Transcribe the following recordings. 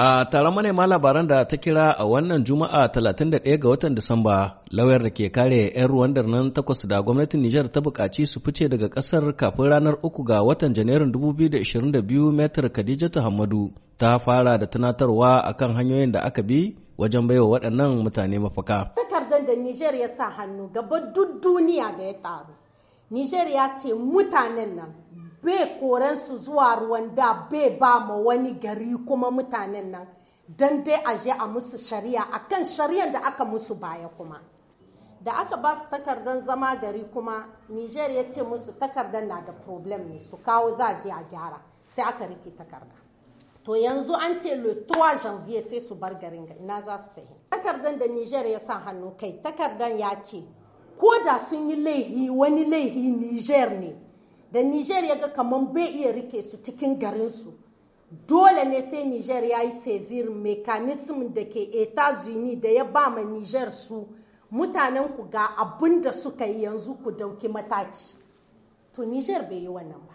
A taron manema labaran da ta kira a wannan Juma'a 31 ga watan Disamba, lauyar da ke kare 'yan ruwandar nan takwas da gwamnatin Nijar ta buƙaci su fice daga ƙasar kafin ranar 3 ga watan Janairun 2022 Metar Khadijatu Hamadu ta fara da tunatarwa a kan hanyoyin da aka bi wajen baiwa waɗannan mutane mafaka. Takardar da Nijar ya sa hannu gaba duk duniya da ya taru. Nijar ya ce mutanen nan bai su zuwa ruwan da bai ba ma wani gari kuma mutanen nan don dai a je a musu shari'a akan shari'ar da aka musu baya kuma da aka ba su takardar zama gari kuma niger ya ce musu takardar na da problem ne su kawo za a je a gyara sai aka rike takarda to yanzu an ce le 3 janvier sai su bar garin na za su tafi takardar da niger ya sa hannu kai takardar ya ce ko da sun yi laihi wani laihi niger ne da niger ya ga kamar bai iya rike su cikin garinsu dole ne sai niger ya yi sezir mekanism da ke eta zuni da ya ba ma niger su mutanen ku ga abin da suka yi yanzu ku dauki mataci to niger bai yi wannan ba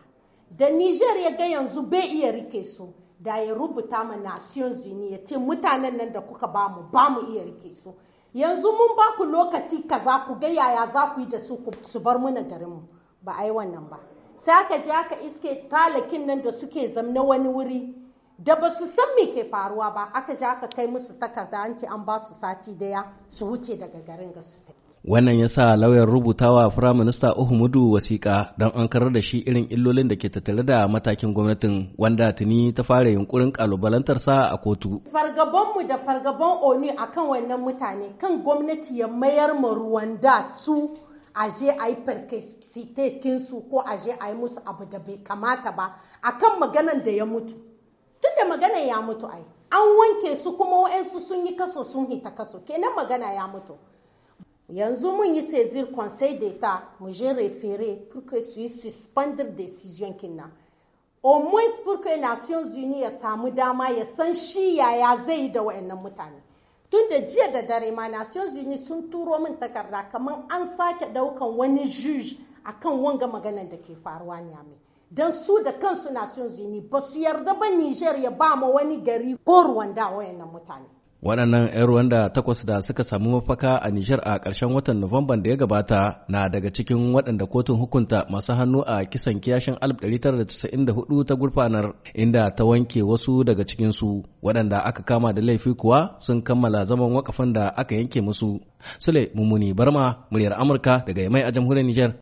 da niger ya ga yanzu bai iya rike su da ya rubuta ma nations union ya ce mutanen nan da kuka ba mu ba mu iya rike su yanzu mun ba ku lokaci kaza ku ga yaya za ku yi da su su bar muna garinmu ba a yi wannan ba saka ja ka iske talakin nan da suke zamna wani wuri da ba su san me ke faruwa ba aka ja ka kai musu takarda an ce an ba su sati daya su wuce daga garin ga su wannan ya sa lauyan rubutawa firaminista uhumudu wasiƙa don an karar da shi irin illolin da ke tattare da matakin gwamnatin wanda tuni ta fara yunkurin kalubalantarsa a kotu mu da fargaban oni akan wannan mutane kan gwamnati ya mayar ruwan ruwanda su a je a yi farkasitekinsu ko a je a yi musu abu da bai kamata ba akan maganan da ya mutu tun da maganan ya mutu ai an wanke su kuma wa'yansu sun yi kaso sun hita kaso kenan magana ya mutu yanzu mun yi saisir conseil d'etat mu je refere pour que su yi suspendre decision kinna au moins pour que nations unies ya samu dama ya san shi yaya zai yi da waɗannan mutane tun da jiya da dare ma nations unis sun turo min takarda kamar an sake daukan wani juj a kan wanga maganar da ke faruwa ne mai don su da kansu nations unis ba su yarda ba niger ya ba ma wani gari ko ruwan da wayannan mutane waɗannan 'yan ruwanda takwas da suka samu mafaka a nijar a ƙarshen watan nuwamban da ya gabata na daga cikin waɗanda kotun hukunta masu hannu a kisan kiyashin 1994 ta gurfanar inda ta wanke wasu daga cikinsu waɗanda aka kama da laifi kuwa sun kammala zaman wakafan da aka yanke musu sule mummuni barma muryar amurka daga yamai a jamhuriyar nijar